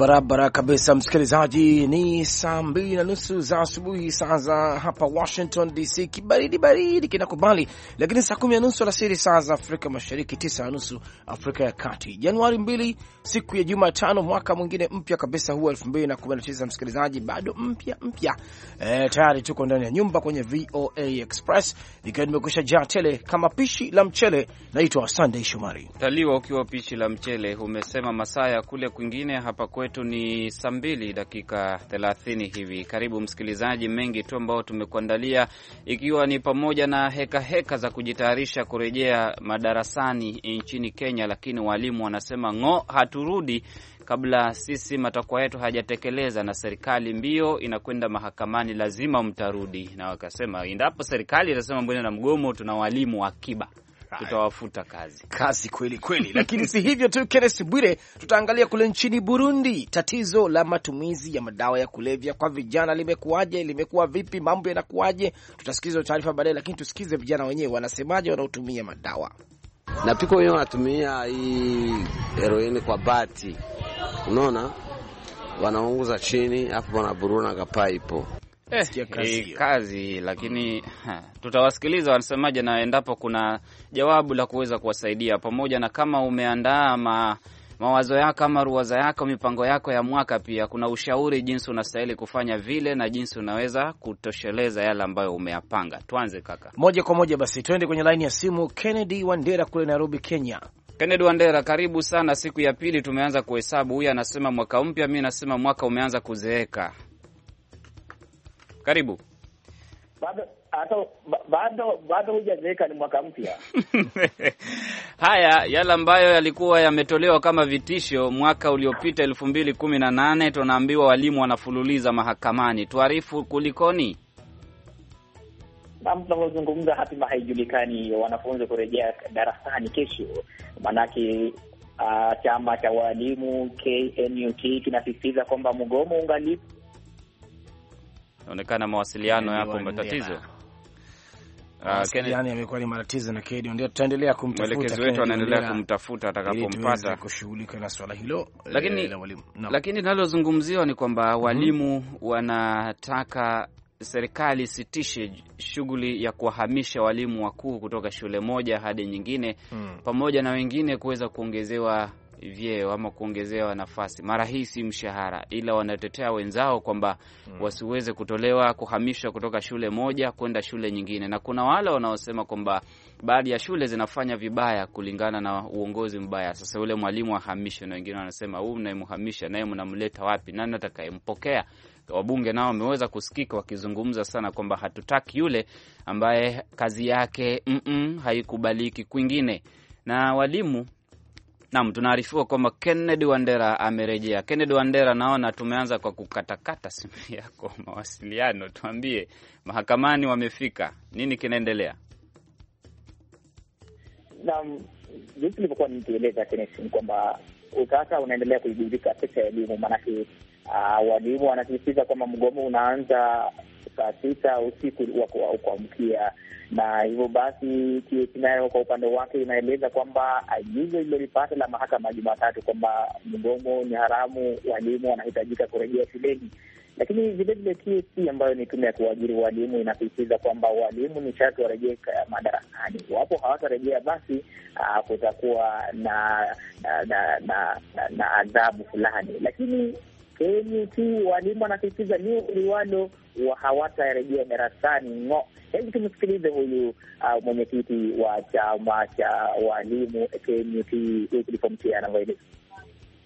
barabara kabisa, msikilizaji. Ni saa mbili na nusu za asubuhi, saa za hapa Washington DC. Kibaridi baridi kinakubali, lakini saa kumi na nusu alasiri saa za Afrika Mashariki, tisa na nusu Afrika ya Kati, Januari mbili, siku ya Jumatano, mwaka mwingine mpya kabisa huu elfu mbili na kumi na tisa. Msikilizaji, bado mpya mpya, e, tayari tuko ndani ya nyumba kwenye VOA Express ikiwa nimekusha jaa tele kama pishi la mchele. Naitwa Sandey Shomari. Taliwa ukiwa pishi la mchele, umesema masaa ya kule kwingine, hapa kwetu kwetu ni saa mbili dakika thelathini hivi. Karibu msikilizaji, mengi tu ambao tumekuandalia, ikiwa ni pamoja na hekaheka heka za kujitayarisha kurejea madarasani nchini Kenya, lakini walimu wanasema ng'o, haturudi kabla sisi matakwa yetu hayajatekeleza, na serikali mbio inakwenda mahakamani, lazima mtarudi. Na wakasema endapo serikali itasema mbona na mgomo, tuna walimu akiba tutawafuta kazi kazi kweli kweli. Lakini si hivyo tu, Kenes Bwire, tutaangalia kule nchini Burundi, tatizo la matumizi ya madawa ya kulevya kwa vijana limekuwaje? Limekuwa vipi? Mambo yanakuwaje? Tutasikiza taarifa baadaye, lakini tusikize vijana wenyewe wanasemaje, wanaotumia madawa na piko wenyewe wanatumia hii heroin kwa bati, unaona wanaunguza chini hapo, wanaburuna kapaipo Eh, kazi, kazi lakini ha, tutawasikiliza wanasemaje, na endapo kuna jawabu la kuweza kuwasaidia pamoja na kama umeandaa ma, mawazo yako ama ruwaza yako mipango yako ya mwaka, pia kuna ushauri jinsi unastahili kufanya vile na jinsi unaweza kutosheleza yale ambayo umeyapanga. Tuanze kaka, moja kwa moja basi tuende kwenye laini ya simu. Kennedy Wandera kule Nairobi, Kenya. Kennedy Wandera, karibu sana. Siku ya pili tumeanza kuhesabu. Huyu anasema mwaka mpya, mi nasema mwaka umeanza kuzeeka. Karibu. Bado hata bado bado hujazeeka, ni mwaka mpya. Haya yale ambayo yalikuwa yametolewa kama vitisho mwaka uliopita elfu mbili kumi na nane, tunaambiwa walimu wanafululiza mahakamani. Tuarifu kulikoni? Naam, tunavyozungumza hatima haijulikani, wanafunzi kurejea darasani kesho, maanake uh, ah, chama cha walimu KNUT kinasisitiza kwamba mgomo ungalipo Inaonekana mawasiliano yapo matatizo. Yani amekuwa ni matatizo na Kedi ndio tutaendelea kumtafuta. Mwelekezi wetu anaendelea kumtafuta atakapompata kushughulika na swala hilo. Eh, lakini e, no. lakini linalozungumziwa ni kwamba mhm. walimu mm -hmm. wanataka serikali isitishe shughuli ya kuwahamisha walimu wakuu kutoka shule moja hadi nyingine mm. pamoja na wengine kuweza kuongezewa vyeo ama kuongezewa nafasi. Mara hii si mshahara, ila wanatetea wenzao kwamba mm, wasiweze kutolewa, kuhamishwa kutoka shule moja kwenda shule nyingine, na kuna wale wanaosema kwamba baadhi ya shule zinafanya vibaya kulingana na uongozi mbaya. Sasa yule mwalimu ahamishwe, na wengine wanasema huu mnayemhamisha naye mnamleta wapi? Nani atakayempokea? Wabunge nao wameweza kusikika wakizungumza sana kwamba hatutaki yule ambaye kazi yake mm -mm, haikubaliki kwingine na walimu Naam, tunaarifiwa kwamba Kennedy Wandera amerejea. Kennedy Wandera, naona tumeanza kwa kukatakata simu yako mawasiliano. Tuambie, mahakamani wamefika, nini kinaendelea? Naam, jinsi ilivyokuwa nikieleza Kenesi, ni kwamba utata unaendelea kuiguzika sekta ya elimu, maanake uh, walimu wanasisitiza kwamba mgomo unaanza saa sita usiku wa kuamkia, na hivyo basi TSC nayo kwa upande wake inaeleza kwamba agizo ililolipata la mahakama Jumatatu kwamba mgomo ni haramu, walimu wanahitajika kurejea shuleni lakini vilevile TSC ambayo ni tume ya kuajiri walimu inasisitiza kwamba walimu ni sharti warejee madarakani. Iwapo hawatarejea, basi ah, kutakuwa na na adhabu fulani. Lakini Kenyi tu walimu wanasisitiza ni liwalo wa hawatarejea darasani ng'o. Hebu tumsikilize huyu uh, mwenyekiti wa chama cha walimu Kenyi Kilipomtia anavyoeleza.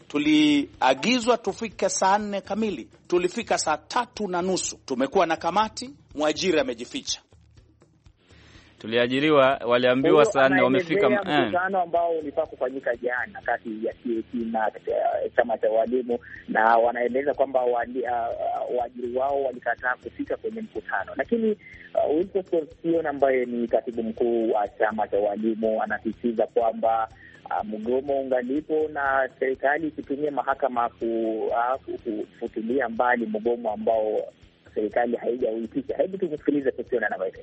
Tuliagizwa tufike saa nne kamili, tulifika saa tatu na nusu. Tumekuwa na kamati, mwajiri amejificha tuliajiriwa, waliambiwa saa nne wamefika. Eh. Mkutano ambao ulipaa kufanyika jana kati ya TAT na eh, chama cha walimu, na wanaeleza kwamba ah, ah, waajiri wao walikataa kufika kwenye mkutano, lakini uh, Wilson ambaye ni katibu mkuu wa chama cha walimu anasisitiza kwamba Uh, mgomo ungalipo na serikali ikitumia mahakama kufutilia uh, mbali mgomo ambao serikali haijauitisha. Hebu tumsikilize Kusiona anavyoeleza.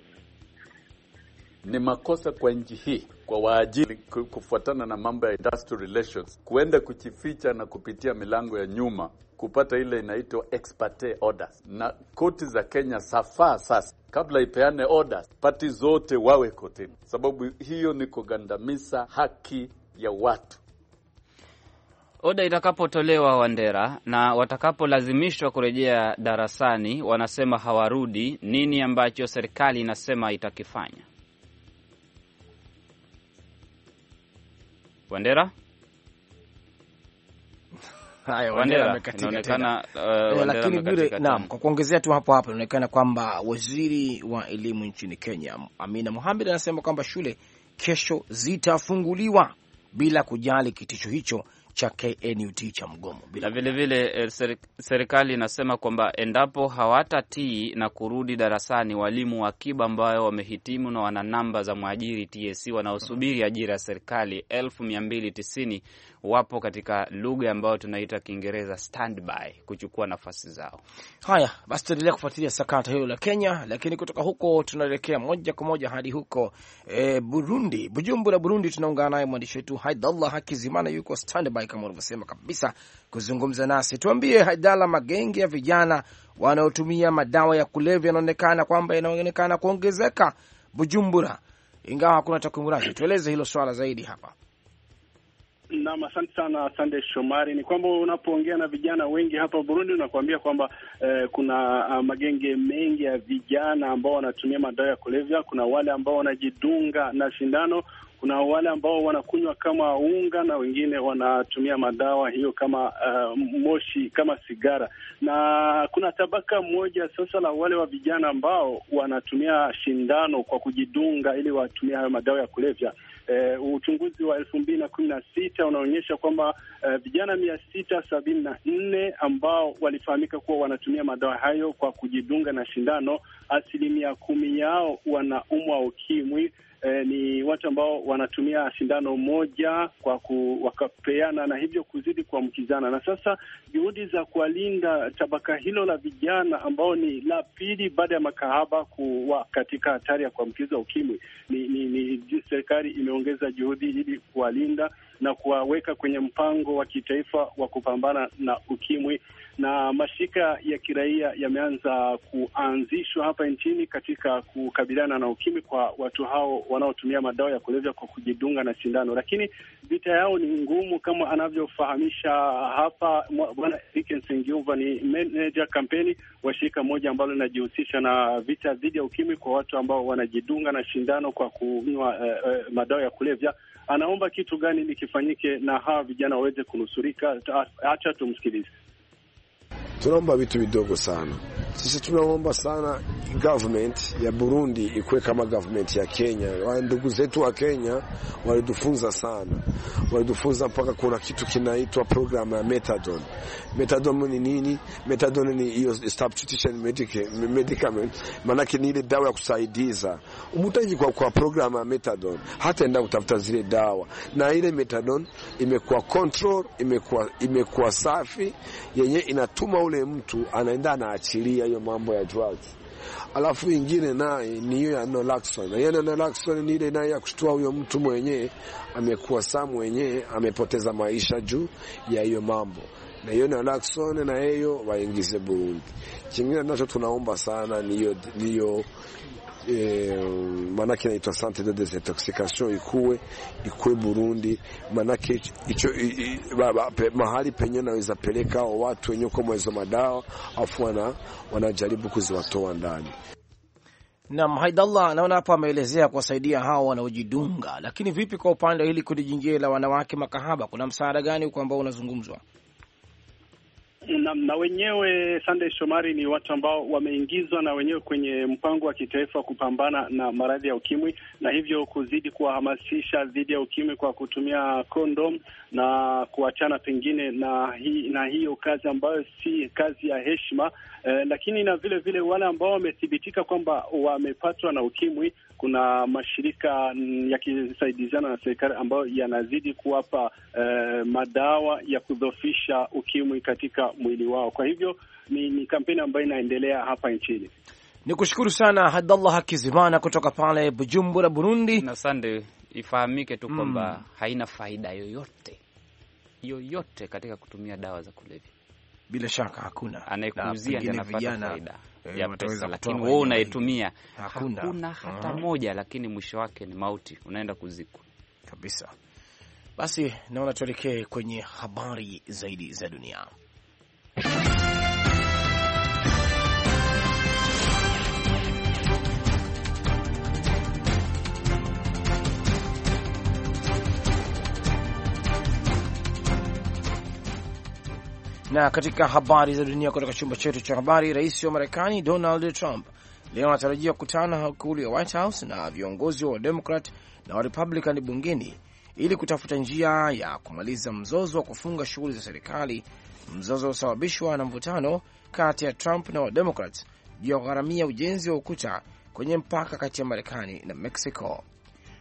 Ni makosa kwa nchi hii kwa waajiri kufuatana na mambo ya industrial relations kuenda kujificha na kupitia milango ya nyuma kupata ile inaitwa ex parte orders. Na koti za Kenya safaa sasa, kabla ipeane orders, pati zote wawe kotini, sababu hiyo ni kugandamiza haki ya watu. Oda itakapotolewa Wandera, na watakapolazimishwa kurejea darasani, wanasema hawarudi. Nini ambacho serikali inasema itakifanya? Wandera uh, eh, lakini naam, kwa kuongezea tu hapo hapo, inaonekana kwamba waziri wa elimu nchini Kenya Amina Mohamed anasema kwamba shule kesho zitafunguliwa bila kujali kitisho hicho cha KNUT cha mgomo. Bila vilevile eh, serikali inasema kwamba endapo hawatatii na kurudi darasani walimu wa akiba ambayo wamehitimu na wana namba za mwajiri TSC wanaosubiri ajira ya serikali elfu mia mbili tisini wapo katika lugha ambayo tunaita Kiingereza standby kuchukua nafasi zao. Haya basi, tuendelea kufuatilia sakata hilo la Kenya, lakini kutoka huko tunaelekea moja kwa moja hadi huko e, Burundi, Bujumbura, Burundi. Tunaungana naye mwandishi wetu Haidallah Hakizimana, yuko standby kama ulivyosema kabisa kuzungumza nasi. Tuambie Haidala, magenge ya vijana wanaotumia madawa ya kulevya yanaonekana kwamba yanaonekana kuongezeka Bujumbura, ingawa hakuna takwimu rasmi. Tueleze hilo swala zaidi hapa. Naam, asante sana Sande Shomari. Ni kwamba unapoongea na vijana wengi hapa Burundi unakuambia kwamba eh, kuna ah, magenge mengi ya vijana ambao wanatumia madawa ya kulevya. Kuna wale ambao wanajidunga na sindano, kuna wale ambao wanakunywa kama unga, na wengine wanatumia madawa hiyo kama uh, moshi, kama sigara, na kuna tabaka moja sasa la wale wa vijana ambao wanatumia shindano kwa kujidunga ili watumie hayo madawa ya kulevya eh, uchunguzi wa elfu mbili na kumi na sita unaonyesha kwamba eh, vijana mia sita sabini na nne ambao walifahamika kuwa wanatumia madawa hayo kwa kujidunga na shindano, asilimia kumi yao wanaumwa ukimwi eh, ni watu ambao wanatumia sindano moja kwa ku, wakapeana na hivyo kuzidi kuambukizana. Na sasa juhudi za kuwalinda tabaka hilo la vijana ambao ni la pili baada ya makahaba kuwa katika hatari ya kuambukiza ukimwi, ni, ni, ni serikali imeongeza juhudi ili kuwalinda na kuwaweka kwenye mpango wa kitaifa wa kupambana na ukimwi, na mashirika ya kiraia yameanza kuanzishwa hapa nchini katika kukabiliana na ukimwi kwa watu hao wanaotumia madawa ya kulevya kwa kujidunga na sindano, lakini vita yao ni ngumu, kama anavyofahamisha hapa Bwana Erike ni meneja kampeni wa shirika moja ambalo linajihusisha na vita dhidi ya ukimwi kwa watu ambao wanajidunga na shindano kwa kunywa eh, eh, madawa ya kulevya anaomba kitu gani ili kifanyike na hawa vijana waweze kunusurika. Hacha tumsikilize. Tunaomba vitu vidogo sana. Sisi tunaomba sana government ya Burundi ikuwe kama government ya Kenya. Ndugu zetu wa Kenya walitufunza sana, walitufunza mpaka kuna kitu kinaitwa program ya methadone. Methadone ni nini? Methadone ni hiyo substitution medicament, maanake ni ile dawa ya kusaidiza umutaji Kwa, kwa program ya methadone hata enda kutafuta zile dawa, na ile methadone imekuwa control, imekuwa imekuwa safi yenye ina inamtuma ule mtu anaenda anaachilia hiyo mambo ya drugs. Alafu ingine naye ni hiyo ya naloxone, na hiyo naloxone ni ile naye ya kushtua huyo mtu mwenyewe amekuwa saa mwenyewe amepoteza maisha juu ya hiyo mambo, na hiyo naloxone na hiyo waingize Burundi. Kingine nacho tunaomba sana ni hiyo e, eh, maanake inaitwa sante de desintoxication ikuwe ikuwe Burundi, maanake hicho pe, mahali penye naweza peleka hao watu wenye kwa mwezo madawa afu wana, wanajaribu kuziwatoa ndani. Naam, Haidallah naona hapo ameelezea kuwasaidia hao wanaojidunga, lakini vipi kwa upande wa hili kundi jingine la wanawake makahaba, kuna msaada gani huko ambao unazungumzwa? na, na wenyewe Sunday Shomari ni watu ambao wameingizwa na wenyewe kwenye mpango wa kitaifa wa kupambana na maradhi ya ukimwi, na hivyo kuzidi kuwahamasisha dhidi ya ukimwi kwa kutumia kondom na kuachana pengine na hii, na hiyo kazi ambayo si kazi ya heshima eh, lakini na vile vile wale ambao wamethibitika kwamba wamepatwa na ukimwi, kuna mashirika yakisaidiziana na serikali ambayo yanazidi kuwapa eh, madawa ya kudhofisha ukimwi katika mwili wao. Kwa hivyo ni, ni kampeni ambayo inaendelea hapa nchini. Ni kushukuru sana Hadallah Hakizimana kutoka pale Bujumbura, Burundi. Na sande, ifahamike tu mm. kwamba mm, haina faida yoyote yoyote katika kutumia dawa za kulevya. Bila shaka hakuna anayekuuzia ndiye anapata faida eh, ya pesa, lakini wewe unaitumia hakuna, hakuna hata -huh, mm. moja, lakini mwisho wake ni mauti, unaenda kuzikwa kabisa. Basi naona tuelekee kwenye habari zaidi za dunia. Na katika habari za dunia kutoka chumba chetu cha habari, rais wa Marekani Donald Trump leo anatarajia kukutana ikulu ya White House na viongozi wa wademokrat na Warepublican bungeni ili kutafuta njia ya kumaliza mzozo wa kufunga shughuli za serikali mzozo usababishwa na mvutano kati ya Trump na Wademokrat juu ya kugharamia ujenzi wa ukuta kwenye mpaka kati ya Marekani na Mexico.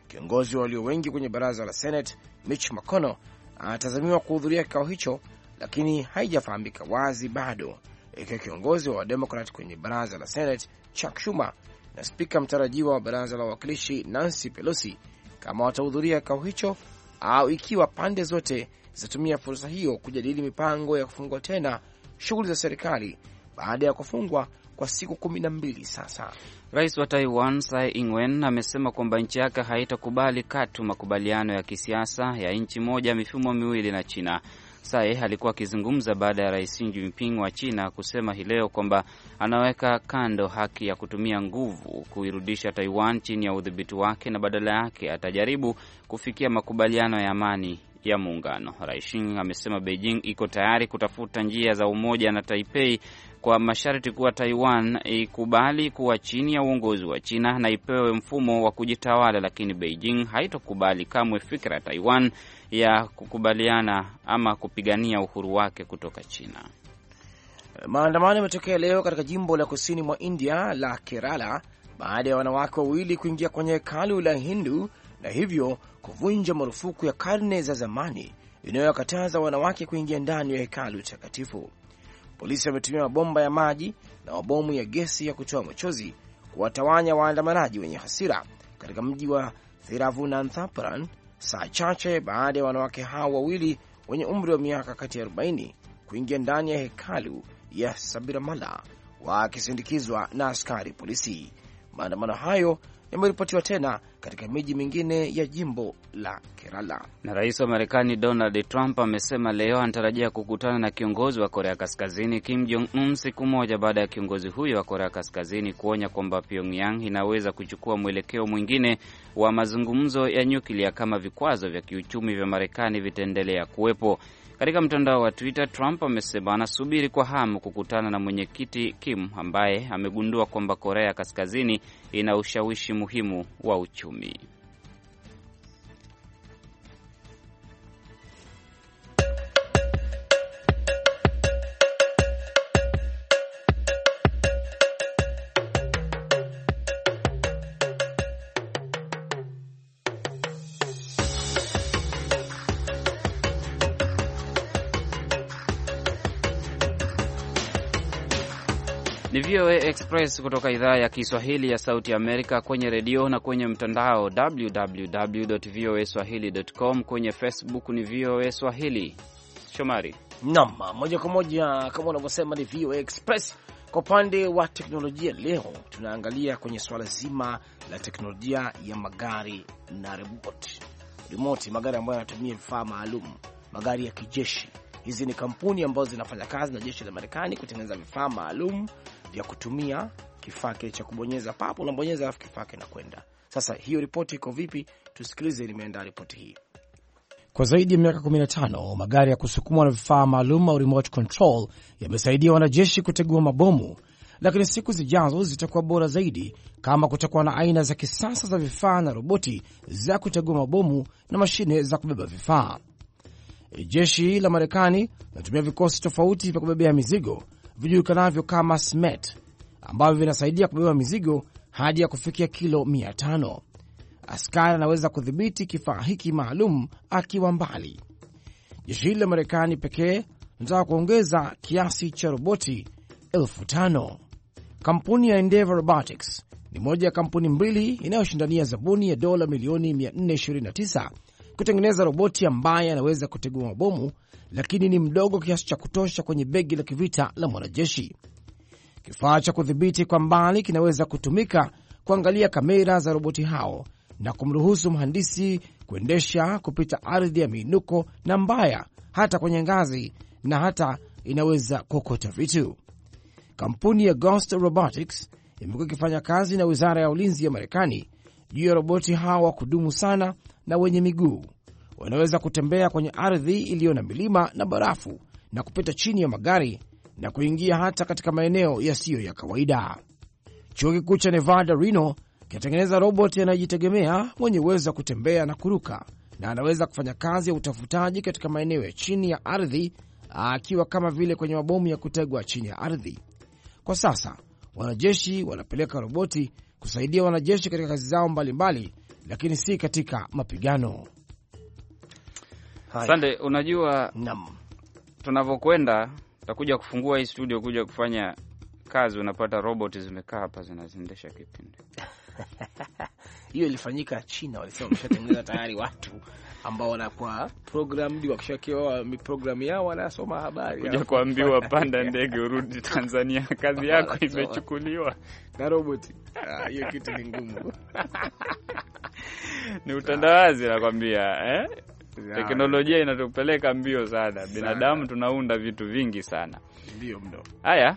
Kiongozi wa walio wengi kwenye baraza la Senate Mitch McConnell anatazamiwa kuhudhuria kikao hicho, lakini haijafahamika wazi bado ikiwa kiongozi wa Wademokrat kwenye baraza la Senate Chuck Schumer na spika mtarajiwa wa baraza la wawakilishi Nancy Pelosi kama watahudhuria kikao hicho au ikiwa pande zote zitatumia fursa hiyo kujadili mipango ya kufungwa tena shughuli za serikali baada ya kufungwa kwa siku kumi na mbili sasa. Rais wa Taiwan Tsai Ing-wen amesema kwamba nchi yake haitakubali katu makubaliano ya kisiasa ya nchi moja mifumo miwili na China. Tsai alikuwa akizungumza baada ya Rais Xi Jinping wa China kusema hii leo kwamba anaweka kando haki ya kutumia nguvu kuirudisha Taiwan chini ya udhibiti wake na badala yake atajaribu kufikia makubaliano ya amani ya muungano. Raishin amesema Beijing iko tayari kutafuta njia za umoja na Taipei kwa masharti kuwa Taiwan ikubali kuwa chini ya uongozi wa China na ipewe mfumo wa kujitawala, lakini Beijing haitokubali kamwe fikira ya Taiwan ya kukubaliana ama kupigania uhuru wake kutoka China. Maandamano yametokea leo katika jimbo la kusini mwa India la Kerala baada ya wanawake wawili kuingia kwenye hekalu la Hindu na hivyo kuvunja marufuku ya karne za zamani inayowakataza wanawake kuingia ndani ya hekalu takatifu. Polisi wametumia mabomba ya maji na mabomu ya gesi ya kutoa machozi kuwatawanya waandamanaji wenye hasira katika mji wa Thiruvananthapuram saa chache baada ya wanawake hao wawili wenye umri wa miaka kati ya 40 kuingia ndani ya hekalu ya Sabarimala wakisindikizwa na askari polisi. Maandamano hayo yameripotiwa tena katika miji mingine ya jimbo la Kerala. Na rais wa Marekani Donald Trump amesema leo anatarajia kukutana na kiongozi wa Korea Kaskazini Kim Jong Un siku moja baada ya kiongozi huyo wa Korea Kaskazini kuonya kwamba Pyongyang inaweza kuchukua mwelekeo mwingine wa mazungumzo ya nyuklia kama vikwazo vya kiuchumi vya Marekani vitaendelea kuwepo. Katika mtandao wa Twitter, Trump amesema anasubiri kwa hamu kukutana na mwenyekiti Kim ambaye amegundua kwamba Korea Kaskazini ina ushawishi muhimu wa uchumi. VOA Express kutoka idhaa ya Kiswahili ya Sauti Amerika, kwenye redio na kwenye mtandao www voa Kwenye Facebook ni VOA Swahili. Shomari nam moja kwa moja, kama unavyosema ni VOA Express. Kwa upande wa teknolojia, leo tunaangalia kwenye suala zima la teknolojia ya magari na remote. Remote, magari ambayo yanatumia vifaa maalum, magari ya kijeshi. Hizi ni kampuni ambazo zinafanya kazi na jeshi la Marekani kutengeneza vifaa maalum vya kutumia kifaa kile cha kubonyeza papo, unabonyeza alafu kifaa kinakwenda. Sasa hiyo ripoti iko vipi? Tusikilize, limeenda ripoti hii. Kwa zaidi ya miaka 15 magari ya kusukumwa na vifaa maalum au remote control yamesaidia wanajeshi kutegua mabomu, lakini siku zijazo zitakuwa bora zaidi kama kutakuwa na aina za kisasa za vifaa na roboti za kutegua mabomu na mashine za kubeba vifaa. Jeshi la Marekani linatumia vikosi tofauti vya kubebea mizigo vijulikanavyo kama SMET ambavyo vinasaidia kubeba mizigo hadi ya kufikia kilo 500. Askari anaweza kudhibiti kifaa hiki maalum akiwa mbali. Jeshi hili la Marekani pekee linataka kuongeza kiasi cha roboti elfu tano. Kampuni ya Endeavor Robotics ni moja ya kampuni mbili inayoshindania zabuni ya dola milioni 429 kutengeneza roboti ambaye anaweza kutegua mabomu lakini ni mdogo kiasi cha kutosha kwenye begi la kivita la mwanajeshi. Kifaa cha kudhibiti kwa mbali kinaweza kutumika kuangalia kamera za roboti hao na kumruhusu mhandisi kuendesha kupita ardhi ya miinuko na mbaya, hata kwenye ngazi, na hata inaweza kuokota vitu. Kampuni ya Ghost Robotics imekuwa ikifanya kazi na wizara ya ulinzi ya Marekani juu ya roboti hao wa kudumu sana na wenye miguu wanaweza kutembea kwenye ardhi iliyo na milima na barafu na kupita chini ya magari na kuingia hata katika maeneo yasiyo ya kawaida. Chuo kikuu cha Nevada Reno kinatengeneza robot anayejitegemea mwenye uwezo wa kutembea na kuruka, na anaweza kufanya kazi ya utafutaji katika maeneo ya chini ya ardhi, akiwa kama vile kwenye mabomu ya kutegwa chini ya ardhi. Kwa sasa wanajeshi wanapeleka roboti kusaidia wanajeshi katika kazi zao mbalimbali, lakini si katika mapigano. Sande, unajua tunavyokwenda, tutakuja kufungua hii studio kuja kufanya kazi, unapata robot zimekaa hapa zinaziendesha kipindi hiyo ilifanyika China, walisema wameshatengeneza tayari watu ambao wanakuwa programmed, wakishakiwa miprogramu yao wanasoma habari, kuja kuambiwa panda ndege urudi Tanzania, kazi yako imechukuliwa na roboti. Ah, hiyo kitu ni ngumu, ni utandawazi nakwambia, eh? teknolojia inatupeleka mbio sana, binadamu tunaunda vitu vingi sana. Ndio mdo. Haya,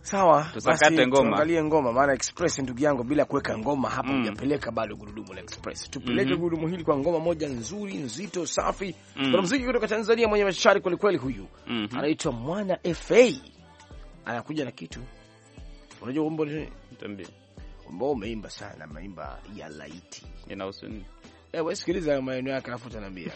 sawa, tusakate ngoma, tuangalie ngoma, maana express, ndugu yangu, bila kuweka mm. ngoma hapa mm. hujapeleka mm. bado gurudumu la express. Tupeleke mm -hmm. gurudumu hili kwa ngoma moja nzuri, nzito, safi. Mm. Kuna muziki kutoka Tanzania mwenye mashari kweli kweli, huyu mm -hmm. anaitwa Mwana FA, anakuja na kitu unajua, wimbo umeimba sana, maimba ya laiti inahusu nini? Eh, Ewe, sikiliza maneno yake alafu utaniambia.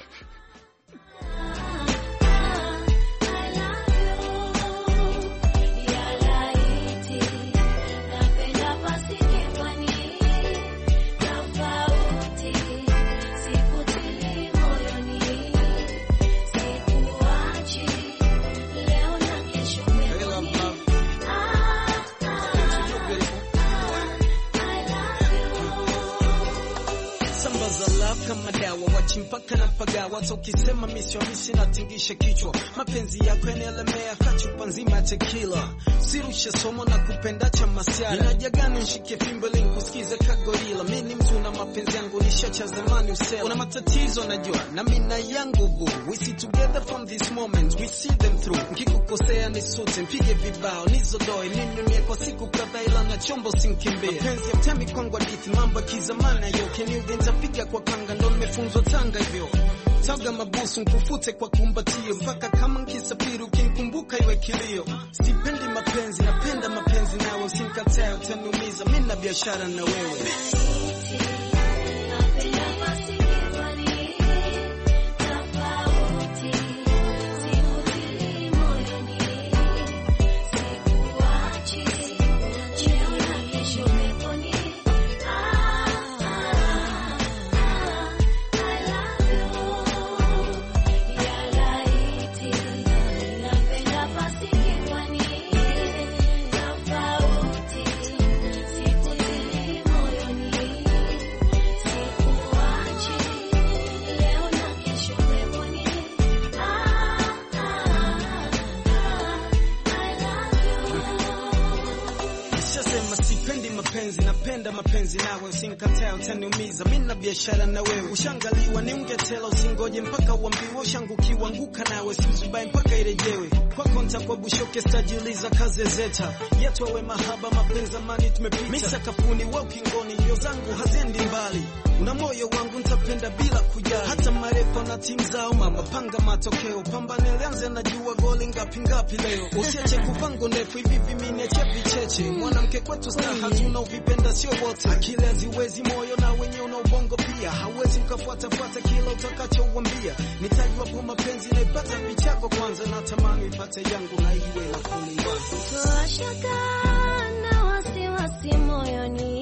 madawa wachimpaka na pagawa so ukisema misiomishi natingisha kichwa mapenzi yako yanaelemea kachupa nzima ya tekila sirushe somo na kupenda cha masiara inajagani nshike fimbo linkusikize kagorila mi ni mtu na mapenzi yangu nisha cha zamani usela una matatizo najua na mina yangu boo we see together from this moment we see them through nkikukosea nisute mpige vibao nizodoe ninunie kwa siku kadhaa ila na chombo sinkimbia mapenzi ya mtemi kwangu hadithi mambo ya kizamani ayoke ni ugenza piga kwa kanga ndono amefunzwa Tanga hivyo taga mabusu mtufute kwa kumbatio mpaka kama nkisafiri ukimkumbuka iwe kilio. Sipendi mapenzi, napenda mapenzi nawe, usimkatae utaniumiza, mimi na biashara na wewe usinikataa utaniumiza, mimi na biashara na wewe ushangaliwa, ni mgetela usingoje mpaka uambiwe, ushangukiwa kiwanguka nawe siuzubai mpaka irejewe kwako, nitakuwa bushoke stajiuliza kaze zeta yetu awe mahaba mapenzi amani tumepita mimi sakafuni wa ukingoni, ndio zangu haziendi mbali Una moyo wangu nitapenda bila kujali, hata marefa na timu zao. Mama panga matokeo, pambane lianze, najua goli ngapi ngapi leo. Usiache kupango ndefu hivi viminiache vicheche. Mwanamke kwetu staha tuna uvipenda sio wote, akili haziwezi moyo na wenye una ubongo pia, hauwezi ukafuatafuata kila utakachouambia. Nitajua kwa mapenzi naipata vichako kwanza, na tamani ipate yangu na iwe la kuniwaza, wasiwasi moyoni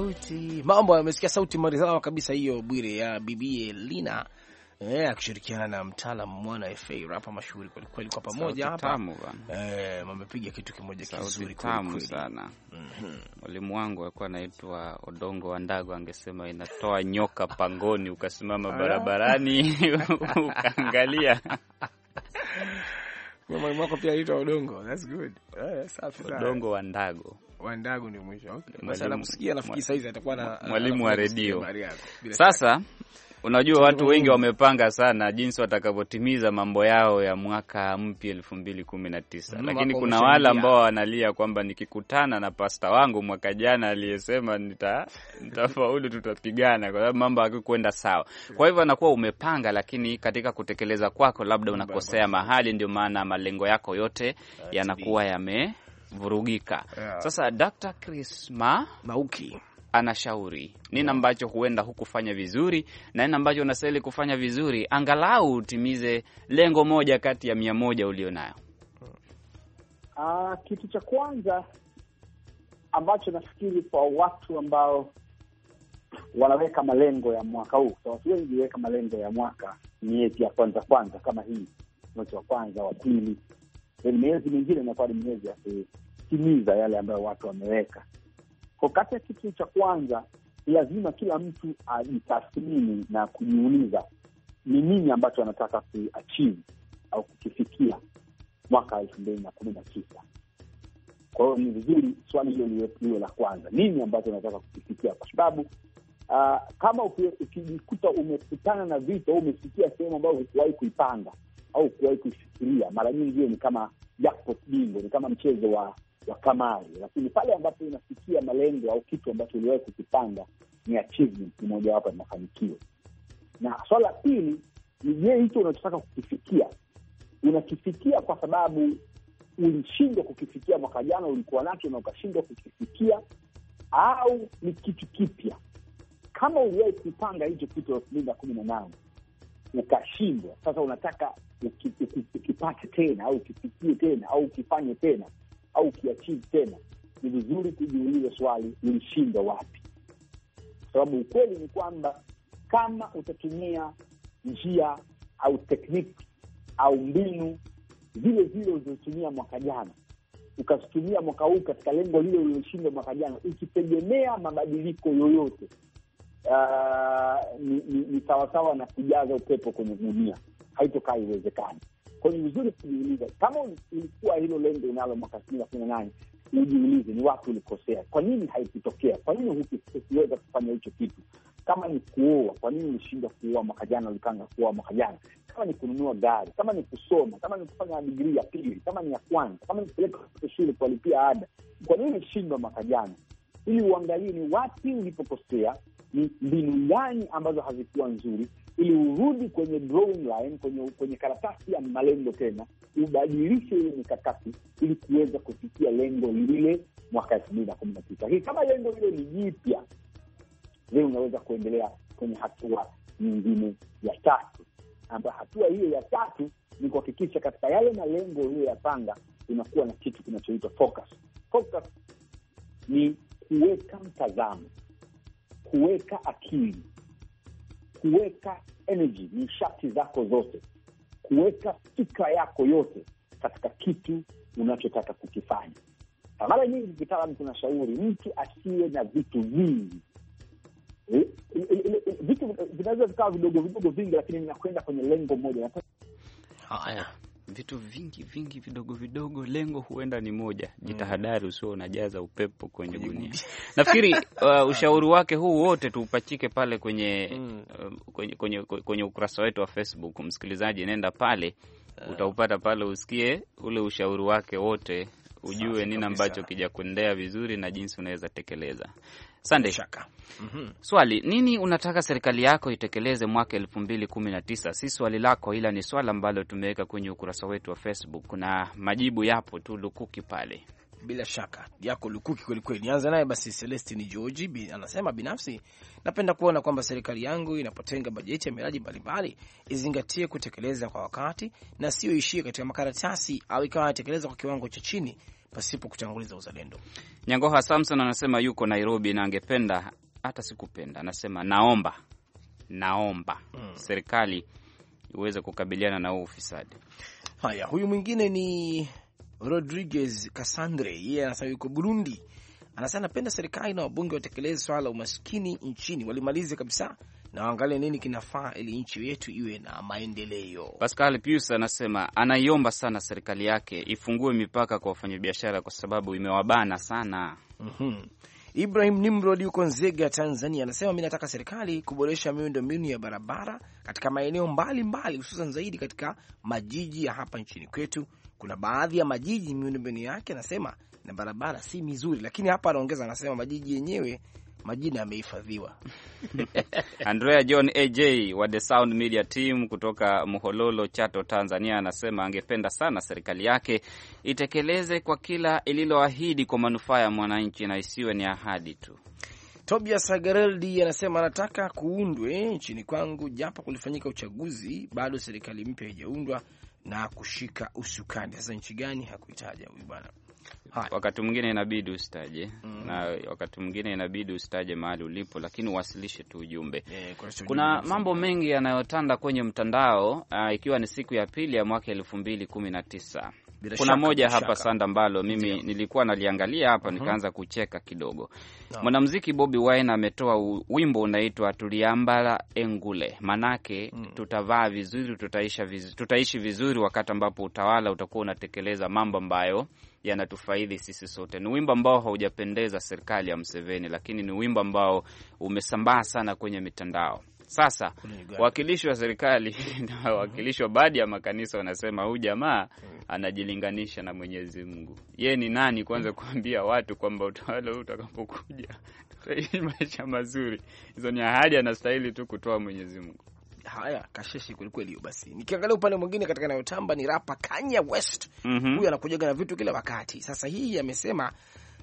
sauti mambo amesikia sauti maridhawa kabisa hiyo, Bwire ya Bibi Lina eh, akishirikiana na mtaalamu mwana FA rapa mashuhuri kweli kweli, kwa pamoja hapa eh, mamepiga kitu kimoja kizuri tamu sana. Mhm. Mwalimu mm -hmm. wangu alikuwa anaitwa Odongo wa Ndago, angesema inatoa nyoka pangoni, ukasimama ah. barabarani ukaangalia mwalimu wako pia anaitwa Odongo. That's good. Yeah, safi sana. Odongo wa Ndago. Wandagu ndio mwisho. Okay. Basi nafikiri saizi atakuwa na mwalimu wa redio. Sasa unajua watu wengi wamepanga sana jinsi watakavyotimiza mambo yao ya mwaka mpya elfu mbili kumi na tisa, lakini kuna wale ambao wanalia kwamba nikikutana na pasta wangu mwaka jana aliyesema nita nitafaulu, tutapigana kwa sababu mambo hakikwenda sawa. Kwa hivyo anakuwa umepanga, lakini katika kutekeleza kwako labda unakosea mahali, ndio maana malengo yako yote yanakuwa yame vurugika yeah. Sasa Dr. Chris Ma Mauki anashauri nini ambacho huenda hukufanya vizuri na nini ambacho unastahili kufanya vizuri, angalau utimize lengo moja kati ya mia moja ulionayo. Uh, kitu cha kwanza ambacho nafikiri kwa watu ambao wanaweka malengo ya mwaka huu, kwa watu wengi weka malengo ya mwaka miezi ya kwanza kwanza, kama hii mwezi wa kwanza wa pili, miezi mingine inakuwa ni miezi ya kutimiza yale ambayo watu wameweka. Kwa kati ya kitu cha kwanza, ni lazima kila mtu ajitathmini na kujiuliza ni nini ambacho anataka kuachivu au kukifikia mwaka elfu mbili na kumi na tisa. Kwa hiyo ni vizuri swali hilo liwe la kwanza, nini ambacho anataka kukifikia? Kwa sababu uh, kama ukijikuta umekutana na vitu au umefikia sehemu ambayo hukuwahi kuipanga au kuwahi kuifikiria, mara nyingi hiyo ni kama jackpot bingo, ni kama mchezo wa wa kamari, lakini pale ambapo unafikia malengo au kitu ambacho uliwahi kukipanga ni achievement, ni mojawapo ya mafanikio. Na swala la pili ni je, hicho unachotaka kukifikia unakifikia kwa sababu ulishindwa kukifikia mwaka jana, ulikuwa nacho na ukashindwa kukifikia, au ni kitu kipya? Kama uliwahi kupanga hicho kitu elfu mbili na kumi na nane ukashindwa, sasa unataka ukipate tena au ukifikie tena au ukifanye tena, au kiachivu tena, ni vizuri kujiuliza swali ulishinda wapi, kwa sababu ukweli ni kwamba kama utatumia njia au tekniki au mbinu zile zile ulizotumia mwaka jana ukazitumia mwaka huu katika lengo lile ulioshindwa mwaka jana, ukitegemea mabadiliko yoyote, uh, ni sawasawa na kujaza upepo kwenye gunia, haitokaa iwezekani. Kwa hiyo ni vizuri kujiuliza, kama ilikuwa hilo lengo unalo mwaka elfu mbili na kumi na nane, ujiulize ni wapi ulikosea, kwa nini haikutokea, kwa nini hukuweza kufanya hicho kitu. Kama ni kuoa, kwa nini ulishindwa kuoa mwaka jana, ulipanga kuoa mwaka jana? Kama ni kununua gari, kama ni kusoma, kama ni kufanya digrii ya pili, kama ni ya kwanza, kama ni kupeleka watoto shule, kuwalipia ada, kwa nini ulishindwa mwaka jana? Ili uangalie ni wapi ulipokosea, ni mbinu gani ambazo hazikuwa nzuri, ili urudi kwenye drawing line, kwenye kwenye karatasi ya malengo tena, ubadilishe ile mikakati ili kuweza kufikia lengo lile mwaka elfu mbili na kumi na tisa hii. Kama lengo lile ni jipya, leo unaweza kuendelea kwenye hatua nyingine ya tatu, ambayo hatua hiyo ya tatu ni kuhakikisha katika yale malengo uliyoyapanga unakuwa na kitu kinachoitwa focus. Focus ni kuweka mtazamo, kuweka akili kuweka energy, nishati zako zote, kuweka fikra yako yote katika kitu unachotaka kukifanya. Na mara nyingi kitaalamu tunashauri mtu asiwe na vitu vingi e, e, e, vitu vinaweza vikawa vidogo vidogo vingi, lakini vinakwenda kwenye lengo moja. Haya, vitu vingi vingi vidogo vidogo, lengo huenda ni moja, jitahadari usio unajaza upepo kwenye gunia. Nafikiri uh, ushauri wake huu wote tuupachike pale kwenye, mm. uh, kwenye, kwenye, kwenye ukurasa wetu wa Facebook. Msikilizaji, nenda pale eh. utaupata pale, usikie ule ushauri wake wote ujue nini ambacho kijakuendea vizuri na jinsi unaweza tekeleza. Sande shaka. mm -hmm. Swali, nini unataka serikali yako itekeleze mwaka elfu mbili kumi na tisa? Si swali lako, ila ni swala ambalo tumeweka kwenye ukurasa wetu wa Facebook na majibu yapo tu lukuki pale. Bila shaka yako lukuki kwelikweli. Nianza naye basi, Celestini George bi, anasema binafsi napenda kuona kwamba serikali yangu inapotenga bajeti ya miradi mbalimbali izingatie kutekeleza kwa wakati na sio ishie katika makaratasi au ikawa inatekeleza kwa kiwango cha chini pasipo kutanguliza uzalendo. Nyangoha Samson anasema yuko Nairobi na angependa hata sikupenda, anasema naomba naomba mm, serikali iweze kukabiliana na huu ufisadi. Haya, huyu mwingine ni Rodriguez Cassandre, yeye anasema yuko Burundi, anasema napenda serikali na wabunge watekeleze swala la umaskini nchini, walimalize kabisa na waangalie nini kinafaa ili nchi yetu iwe na maendeleo. Pascal Pius anasema anaiomba sana serikali yake ifungue mipaka kwa wafanyabiashara kwa sababu imewabana sana. mm -hmm. Ibrahim Nimrod yuko Nzega, Tanzania, anasema mi nataka serikali kuboresha miundo mbinu ya barabara katika maeneo mbalimbali, hususan zaidi katika majiji ya hapa nchini kwetu, kuna baadhi ya majiji miundombinu yake anasema na barabara si mizuri, lakini hapa anaongeza, anasema majiji yenyewe majina yamehifadhiwa. Andrea John AJ wa The Sound Media Team kutoka Muhololo, Chato, Tanzania, anasema angependa sana serikali yake itekeleze kwa kila ililoahidi kwa manufaa ya mwananchi na isiwe ni ahadi tu. Tobias Agareldi anasema anataka kuundwe nchini kwangu, japo kulifanyika uchaguzi, bado serikali mpya haijaundwa na kushika usukani. Sasa nchi gani hakuitaja huyu bwana. Wakati mwingine inabidi usitaje mm. na wakati mwingine inabidi usitaje mahali ulipo, lakini uwasilishe tu ujumbe yeah. Kuna mambo mengi yanayotanda kwenye mtandao uh, ikiwa ni siku ya pili ya mwaka elfu mbili kumi na tisa bila kuna shaka, moja hapa sanda ambalo mimi Zio. nilikuwa naliangalia hapa uh mhm. -huh. nikaanza kucheka kidogo no. Mwanamuziki Bobi Wine ametoa wimbo unaitwa tuliambala engule, manake mm. tutavaa vizuri, tutaisha vizuri, tutaishi vizuri wakati ambapo utawala utakuwa unatekeleza mambo ambayo yanatufaidi sisi sote. Ni wimbo ambao haujapendeza serikali ya Mseveni, lakini ni wimbo ambao umesambaa sana kwenye mitandao sasa wakilishi wa serikali na wakilishi wa baadhi ya makanisa wanasema huyu jamaa hmm. anajilinganisha na Mwenyezi Mungu. Ye ni nani kwanza hmm. kuambia watu kwamba utawala huu utakapokuja tutaishi maisha mazuri? Hizo ni ahadi anastahili tu kutoa Mwenyezi Mungu. Haya, kasheshi kwelikweli hiyo. Basi nikiangalia upande mwingine katika nayotamba ni rapa Kanye West. mm -hmm. Huyu anakujaga na vitu kila wakati. Sasa hii amesema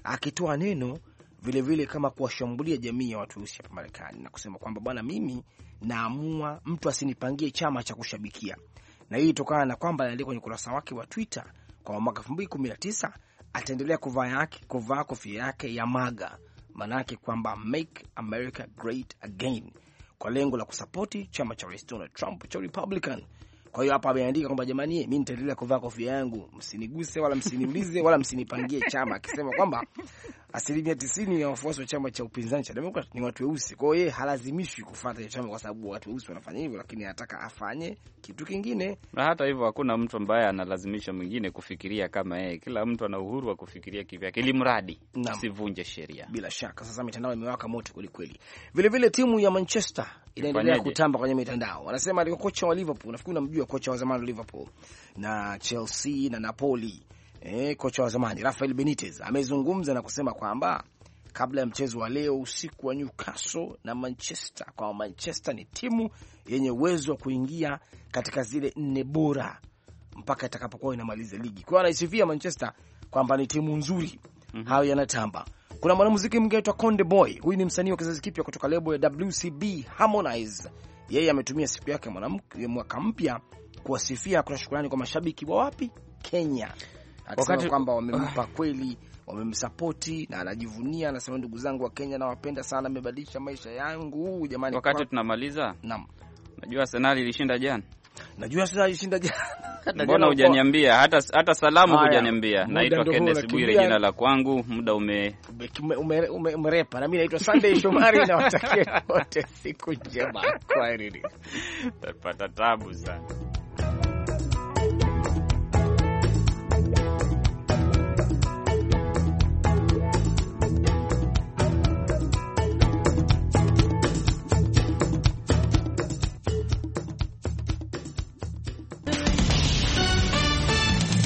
akitoa neno vilevile vile kama kuwashambulia jamii ya watu weusi hapa Marekani na kusema kwamba bwana, mimi naamua mtu asinipangie chama cha kushabikia, na hii tokana na kwamba aliandika kwenye ukurasa wake wa Twitter kwamba mwaka elfu mbili kumi na tisa ataendelea kuvaa yake kuvaa kofia yake ya MAGA, maanake kwamba Make America Great Again, kwa lengo la kusapoti chama cha Rais Donald Trump cha Republican. Kwa hiyo hapa ameandika kwamba jamani, mi nitaendelea kuvaa kofia yangu, msiniguse wala msiniulize wala msinipangie chama, akisema kwamba asilimia tisini ya wafuasi wa chama cha upinzani cha Demokrat ni watu weusi. Kwa hiyo yeye halazimishwi kufata hiyo chama kwa sababu watu weusi wanafanya hivyo, lakini anataka afanye kitu kingine. Na hata hivyo hakuna mtu ambaye analazimisha mwingine kufikiria kama yeye. Kila mtu ana uhuru wa kufikiria kivyake, ili mradi asivunje sheria. Bila shaka, sasa mitandao imewaka moto kwelikweli. Vilevile timu ya Manchester inaendelea kutamba kwenye mitandao, wanasema alikuwa kocha wa Liverpool, nafikiri unamjua kocha wa zamani wa Liverpool na Chelsea na Napoli e, kocha wa zamani Rafael Benitez amezungumza na kusema kwamba kabla ya mchezo wa leo usiku wa Newcastle na Manchester, kwa Manchester ni timu yenye uwezo wa kuingia katika zile nne bora mpaka itakapokuwa inamaliza ligi. Kwa hiyo anaisifia Manchester kwamba ni timu nzuri. mm -hmm. Hayo yanatamba. Kuna mwanamuziki mwingine anaitwa Konde Boy, huyu ni msanii wa kizazi kipya kutoka lebo ya WCB Harmonize. Yeye ametumia siku yake mwanamke, mwaka mpya kuwasifia, kwa shukrani kwa mashabiki wa wapi Kenya wakati... kwamba wamempa ah. kweli, wamemsapoti na anajivunia, anasema ndugu zangu wa Kenya nawapenda sana, amebadilisha maisha yangu jamani. Wakati tunamaliza, naam, najua Arsenal ilishinda jana Najua sasa alishinda jana. Mbona hujaniambia hata hata salamu hujaniambia? Naitwa Kenneth Bwire jina la kwangu, muda ume umerepa ume, ume na mimi naitwa Sunday Shomari na watakia wote siku njema. Kwaheri. Tapata tabu sana.